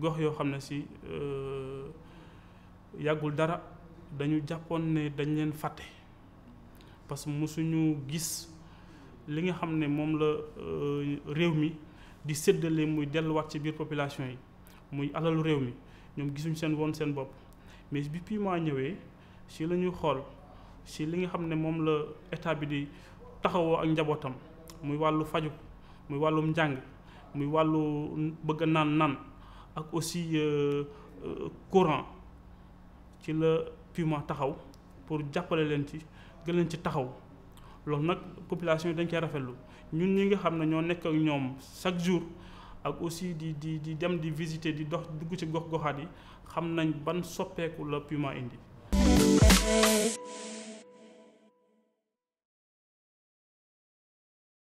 gox yoo xam ne si euh, yàggul dara dañu jàppoon ne dañ leen fàtte parce que mosuñu gis li nga xam ne moom la euh, réew mi di séddale muy delluwaat ci biir population yi muy alalu réew mi ñoom gisuñ seen won seen bopp mais bi puis maa ñëwee si la ñuy xool si li nga xam ne moom la état bi di taxawoo ak njabootam muy wàllu faju muy wàllum njàng muy wàllu bëgg naan naan ak aussi euh, euh, courant ci la Puma taxaw pour jàppale leen ci gën leen ci taxaw loolu nag population yi dañ koy rafetlu ñun ñi nga xam ne ñoo nekk ak ñoom chaque jour ak aussi di di di dem di visiter di dox dugg ci gox goxaat yi xam nañ ban soppeeku la Puma indi.